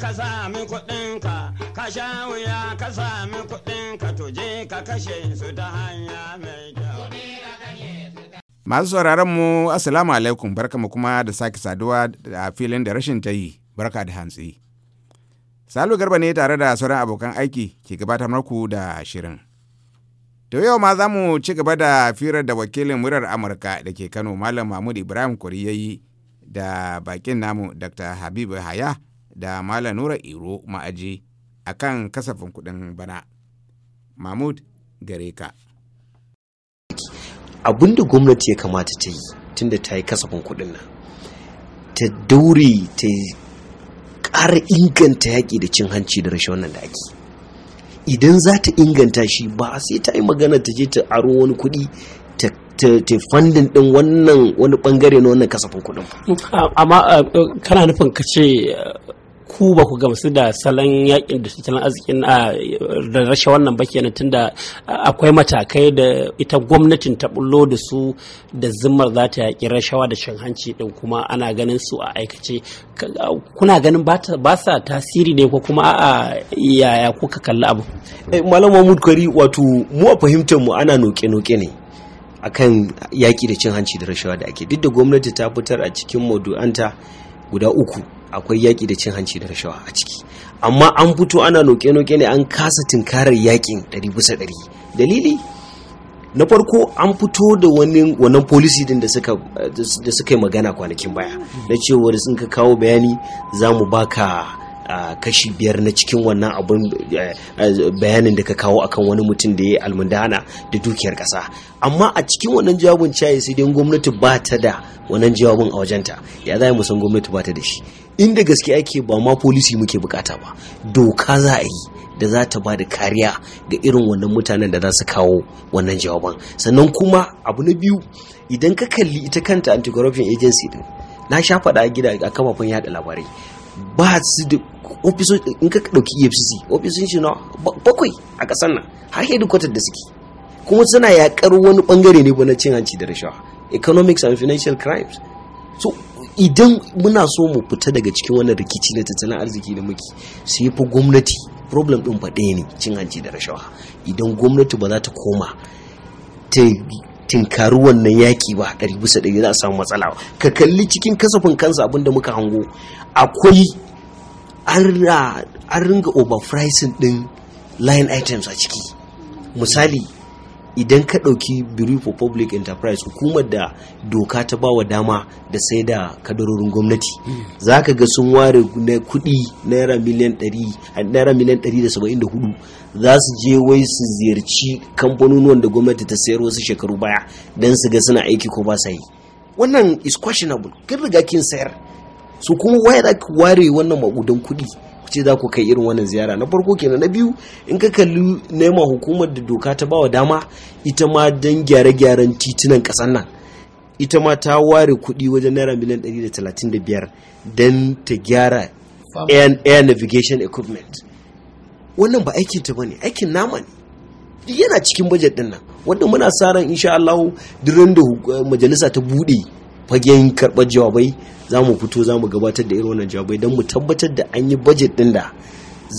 ka sami kuɗinka ka sha wuya ka sami kuɗinka je ka kashe su ta hanya mai kyau. Masu sauraron mu Assalamu alaikum barkamu kuma da sake saduwa a filin da rashin ta yi barka da hantsi. Salu Garba ne tare da sauran abokan aiki ke gabatar muku da shirin. To yau ma za mu ci gaba da firar da wakilin murar Amurka da ke Kano Malam Mahmud Ibrahim Kuri ya yi da bakin namu Dr. Habibu Haya da Malam Nura Iro ma'aji a kan kasafin kuɗin bana. Mahmud Gareka. ka. Abin da gwamnati ya kamata ta yi tunda ta yi kasafin kuɗin nan, ta daure ta ƙara inganta yaƙi da cin hanci da rashin wannan da ake. Idan za ta inganta shi ba sai ta yi magana ta je ta aro wani kuɗi ta fandin din wannan wani bangare na wannan kasafin kuɗin. amma eh, kana nufin ka ce ku ba ku gamsu da salon yakin da tattalin arzikin da rashe wannan ba kenan tunda akwai matakai da ita gwamnatin ta bullo da su da zimmar za ta yaƙi rashawa da shan hanci din kuma ana ganin su a aikace kuna ganin ba sa tasiri ne ko kuma a yaya kuka kalli abu eh, malam mahmud kwari wato mu a fahimtar mu ana noke-noke ne akan yaƙi da cin hanci da rashawa da ake duk da gwamnati ta fitar a cikin maudu'anta guda uku akwai yaƙi da cin hanci da rashawa a ciki amma an fito ana noke-noke ne an kasa tunkarar yaƙin ɗari bisa ɗari dalili na farko an fito da wannan policy din da suka yi magana kwanakin baya na cewar sun ka kawo bayani za mu baka kashi biyar na cikin wannan abun eh, eh, bayanin da ka kawo akan wani mutum da ya yi almundana da dukiyar kasa amma a cikin wannan jawabin caye sai dai gwamnati ba ta da wannan jawabin a wajenta ya za mu san gwamnati ba ta da shi inda gaske ake ba ma polisi muke bukata ba doka za a yi da za ta ba da kariya ga irin wannan mutanen da za su kawo wannan jawabin sannan kuma abu na biyu idan ka kalli ita kanta anti-corruption agency din na sha faɗa gida a kafafen yada labarai ba su da in ka ɗauki efcc ofisoshi na bakwai a ƙasar nan har hedikwatar da suke kuma suna yaƙar wani ɓangare ne na cin hanci da rashawa economics and financial crimes so idan muna so mu fita daga cikin wannan rikici na tattalin arziki da muke sai fa gwamnati problem ɗin faɗe ne cin hanci da rashawa idan gwamnati ba za ta koma ta tinkaru wannan yaƙi ba ɗari bisa ɗari za a samu matsala ka kalli cikin kasafin kansa abinda muka hango akwai an ringa overpricing din line items a ciki misali idan ka ɗauki bureau for public enterprise hukumar da doka ta bawa dama da sai da kadarorin gwamnati hmm. za ka ga sun ware na kudi naira miliyan 174 za su je wai su ziyarci kamfanonuwan da gwamnati ta sayar wasu shekaru baya don su ga suna aiki ko ba sa yi wannan is questionable kin riga kin sayar su kuma waya da ware wannan makudan kuɗi ce za ku kai irin wannan ziyara na farko kenan na biyu in ka kalli nema hukumar da doka ta bawa dama ita ma don gyare-gyaren titunan ƙasar nan ita ma ta ware kuɗi wajen naira miliyan 135 don ta gyara air navigation equipment wannan ba aikin ta bane aikin nama ne yana cikin bajet din nan wanda muna sa ran insha Allah duran da eh, majalisa ta bude fagen karɓar jawabai za mu fito za mu gabatar da irin wannan jawabai don mu tabbatar da an yi budget ɗin da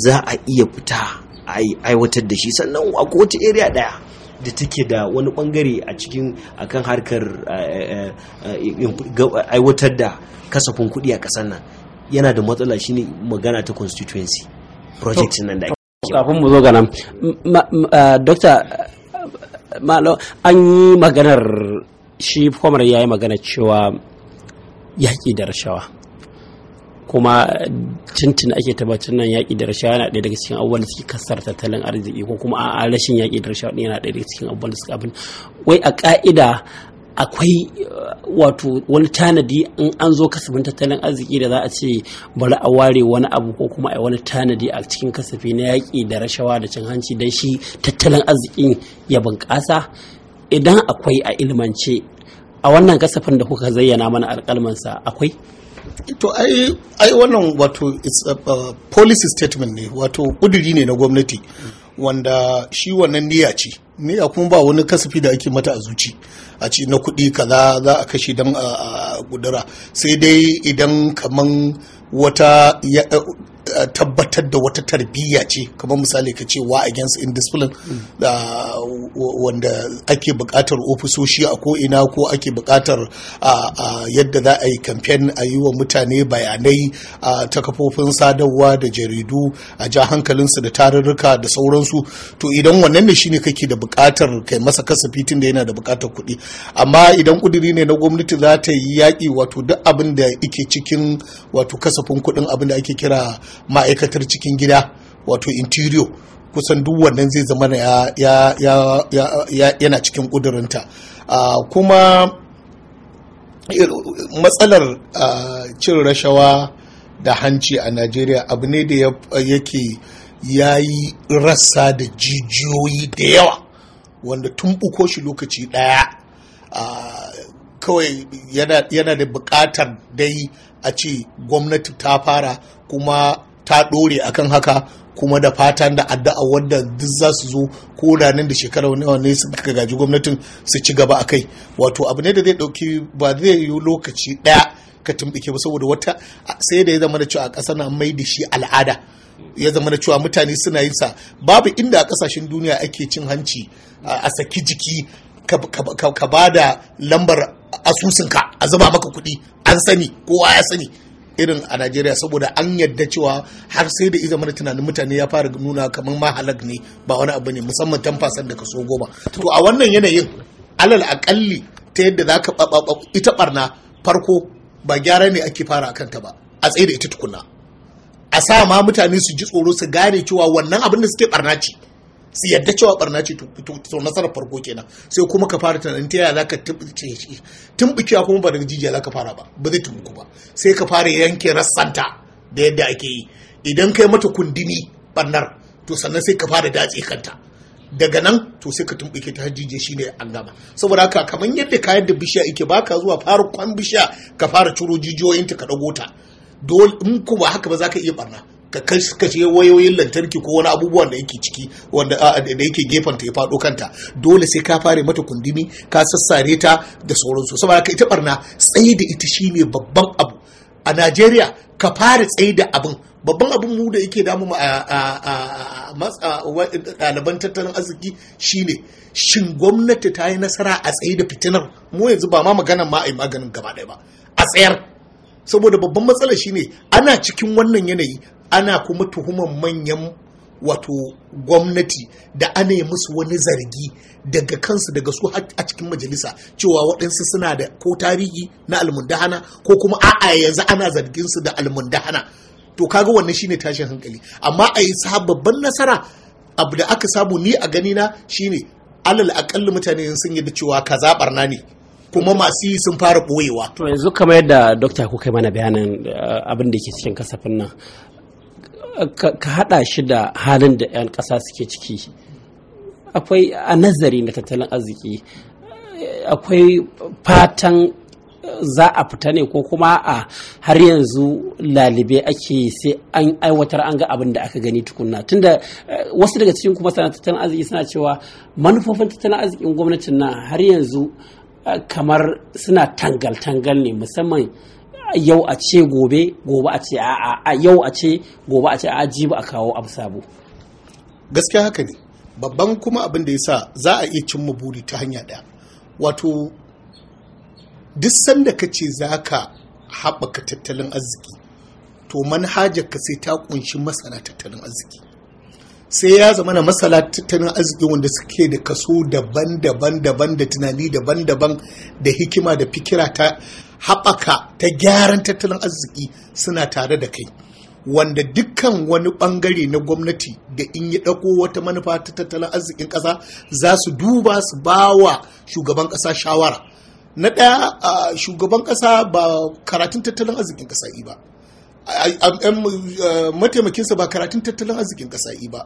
za a iya fita a aiwatar da shi sannan a kowace area ɗaya da take da wani bangare a cikin akan harkar aiwatar da kasafin kuɗi a ƙasar nan yana da matsala shine magana ta constituency project nan da kafin mu zo ga nan dokta malo an yi maganar shi kwamar ya yi magana cewa yaƙi da rashawa kuma tuntun ake tabbacin nan yaƙi da rashawa yana ɗaya daga cikin abubuwan da suke kasar tattalin arziki ko kuma a rashin yaƙi da rashawa yana ɗaya daga cikin abubuwan da suke abin wai a ƙa'ida akwai uh, wato wani tanadi in an zo kasafin tattalin arziki da za a ce bari a ware wani abu ko kuma a wani tanadi a cikin kasafi na yaƙi da rashawa da cin hanci don shi tattalin arzikin ya bunƙasa idan akwai a ilmance a wannan kasafin da kuka zayyana mana alkalmansa akwai to ai wannan wato it's a, uh, policy statement ne wato kuduri ne na gwamnati wanda shi wannan niyya ce niyya kuma ba wani kasafi da ake mata a zuci a ci na kuɗi kaza za a kashe don a gudura sai dai idan kaman wata tabbatar da wata tarbiyya ce kamar misali ka ce wa against indiscipline mm. uh, wanda ake buƙatar ofisoshi a ko'ina ko ake buƙatar uh, uh, yadda za a yi kamfen a yi wa mutane bayanai ta kafofin sadarwa da jaridu a ja hankalinsu da tarurruka da sauransu to idan wannan ne shine kake da buƙatar kai masa kasafi tun da yana da buƙatar kuɗi amma idan ƙuduri ne na gwamnati za ta yi yaƙi wato duk abin da ike cikin wato kasafin kuɗin abin da ake kira ma'aikatar cikin gida wato interior kusan duk wannan zai zama yana cikin ƙudurinta ah, kuma eh, matsalar ah, cin rashawa da hanci a najeriya abu ne da yake ya yi rassa da jijiyoyi da yawa wanda tun buko shi lokaci ɗaya ah, kawai yana da bukatar dai a ce gwamnati ta fara kuma ta ɗore akan haka kuma da fatan da addu'a wadda duk za su zo ko da nan da shekarar nawa ne ka gaji gwamnatin su ci gaba a kai wato abu ne da zai ɗauki ba zai yi lokaci ɗaya ka tumɓuke ba saboda wata sai da ya zama da cewa a ƙasa na mai da shi al'ada ya zama da cewa mutane suna yin sa babu inda a ƙasashen duniya ake cin hanci a saki jiki ka ba da lambar asusunka a zuba maka kuɗi an sani kowa ya sani irin a najeriya saboda an yadda cewa har sai da izamar tunanin mutane ya fara nuna kamar ma ne ba wani abu ne musamman tamfasan da kaso goma to a wannan yanayin alal akalli ta yadda za ka ita barna farko ba gyara ne ake fara a kanta ba a tsaye da ita tukuna a sa ma mutane su ji tsoro su gane cewa wannan abin da suke barna ce su yadda cewa barna ce to nasarar farko kenan sai kuma ka fara tunanin ta yaya zaka tumbuke shi kuma ba daga jijiya zaka fara ba ba zai tumbuku ba sai ka fara yanke rassanta da yadda ake yi idan kai mata kundini barnar to sannan sai ka fara datse kanta daga nan to sai ka tumbuke ta har jijiya shine an gama saboda haka kamar yadda kayan da bishiya yake baka zuwa fara kwan bishiya ka fara ciro jijiyoyinta ka dago ta dole in kuma haka ba zaka iya barna ka kashe wayoyin lantarki ko wani abubuwan da yake ciki wanda da yake gefen ta ya faɗo kanta dole sai ka fare mata kundumi ka sassare ta da sauransu saboda ka ita barna tsaye da ita shine babban abu a Najeriya ka fara tsaye da abin babban abin mu da yake damu a ɗaliban tattalin arziki shine shin gwamnati ta yi nasara a tsaye da fitinar mu yanzu ba ma maganan ma a yi maganin gaba ɗaya ba a tsayar saboda babban matsalar shine ana cikin wannan yanayi ana kuma tuhuman manyan wato gwamnati da ana yi musu wani zargi daga kansu daga su a cikin majalisa cewa waɗansu suna da ko tarihi na almundahana ko kuma a'a yanzu ana zargin su da almundahana to kaga wannan shine tashin hankali amma a yi babban nasara abu da aka samu ni a gani na shine alal akal mutane sun yi da cewa kaza na ne kuma masu yi sun fara ɓoyewa. to yanzu kamar yadda dokta kuka mana bayanin eh, abin da ke cikin kasafin nan ka hada shi da halin da 'yan ƙasa suke ciki akwai a nazari na tattalin arziki akwai fatan za a fita ne ko kuma a har yanzu lalibe ake sai an aiwatar an ga abin da aka gani tukunna tunda eh, wasu daga cikin kuma sana tattalin arziki suna cewa manufofin tattalin arzikin gwamnatin na har yanzu eh, kamar suna tangal-tangal ne musamman yau a ce gobe gobe a ce a yau a ce gobe a ce a jibi a kawo abu sabo gaskiya haka ne babban kuma abin da ya sa za a iya cimma buri ta hanya daya wato duk sanda ka ce za ka haɓaka tattalin arziki to manhajar ka sai ta kunshi masana tattalin arziki sai ya zama na masana tattalin arziki wanda suke da kaso daban-daban daban da tunani daban-daban da hikima da fikira ta haɓaka ta gyaran tattalin arziki suna tare da kai wanda dukkan wani bangare na gwamnati da in yi ɗako wata manufa ta tattalin arzikin ƙasa za su duba su ba wa shugaban ƙasa shawara na ɗaya shugaban ƙasa ba karatun tattalin arzikin ƙasa yi ba mataimakinsa ba karatun tattalin arzikin ƙasa yi ba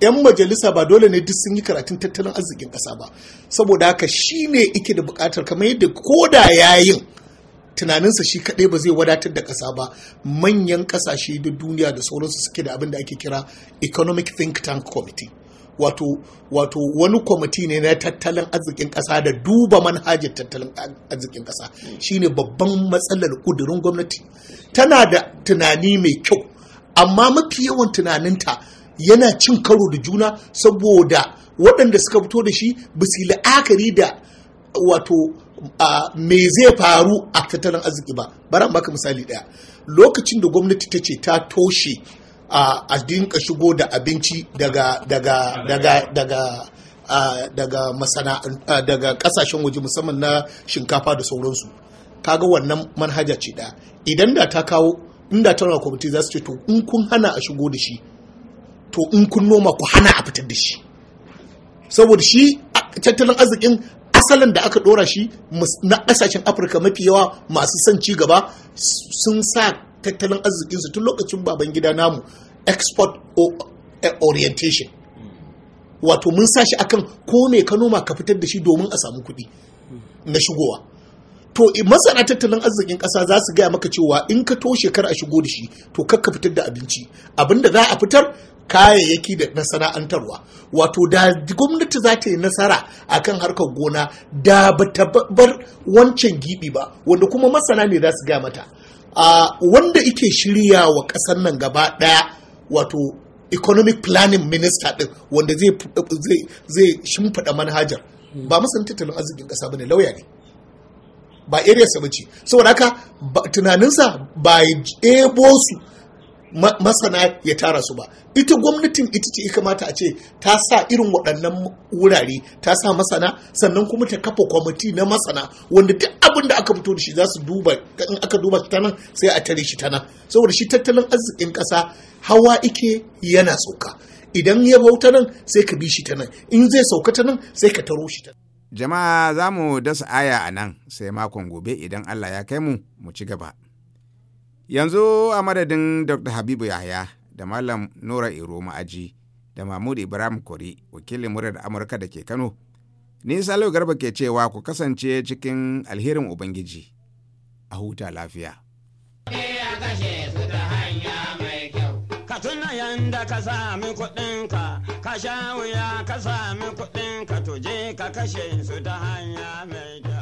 'yan majalisa ba dole ne duk sun yi karatun tattalin arzikin ƙasa ba saboda haka shi ne ike da buƙatar kamar yadda ko da yayin tunaninsa shi kaɗai ba zai wadatar da ƙasa ba manyan ƙasashe da duniya da sauransu suke da abin da ake kira economic think tank committee wato wato wani kwamiti ne na tattalin arzikin ƙasa da duba manhajar tattalin arzikin ƙasa shine babban matsalar ƙudurin gwamnati tana da tunani mai kyau amma mafi yawan tunaninta yana cin karo da juna saboda waɗanda suka fito da shi ba la'akari da wato me zai faru a tattalin arziki ba bara maka misali daya lokacin da gwamnati ta ce ta toshe a dinka shigo da abinci daga kasashen waje musamman na shinkafa da sauransu kaga wannan manhaja ce daya idan da ta kawo inda ta kwamiti za su ce to in kun hana a shigo da shi to in kun noma ku hana a fitar da shi saboda shi tattalin arzikin asalin da aka dora shi na kasashen afirka mafi yawa masu son ci gaba sun sa tattalin arzikinsu tun lokacin baban gida namu export eh, orientation wato mun sa shi akan ko me ka noma ka fitar da shi domin a samu kuɗi na shigowa to masana tattalin arzikin ƙasa za su gaya maka cewa in ka toshe kar a shigo da shi to kar fitar da abinci abinda za a fitar kayayyaki da sana'antarwa wato da gwamnati za ta yi nasara a kan harkar gona da ba ta bar wancan gibi ba wanda kuma masana ne za su ga mata wanda ike shirya wa ƙasar nan gaba ɗaya wato economic planning minister ɗin wanda zai shimfiɗa manhajar ba masan tattalin arzikin ƙasa ba ne lauya ne ba area sa bace saboda haka tunaninsa ba ya ebo su masana ya tara su ba ita gwamnatin ita ce kamata a ce ta sa irin waɗannan wurare ta sa masana sannan kuma ta kafa kwamiti na masana wanda duk abin da aka fito da shi za su duba in aka duba shi ta sai a tare shi ta nan saboda shi tattalin arzikin ƙasa hawa ike yana sauka idan ya bauta nan sai ka bi shi ta nan in zai sauka ta nan sai ka taro shi ta nan jama'a za mu dasa aya a nan sai makon gobe idan allah ya kai mu mu ci gaba yanzu a madadin dr habibu yahaya da malam nora ero ma'aji da mahmud ibrahim kori wakilin murar amurka da ke kano ni salo garba ke cewa ku kasance cikin alherin ubangiji a huta lafiya ka tuna yanda ka sami kuɗinka ka sha wuya ka sami kuɗinka to je ka kashe su ta hanya mai kyau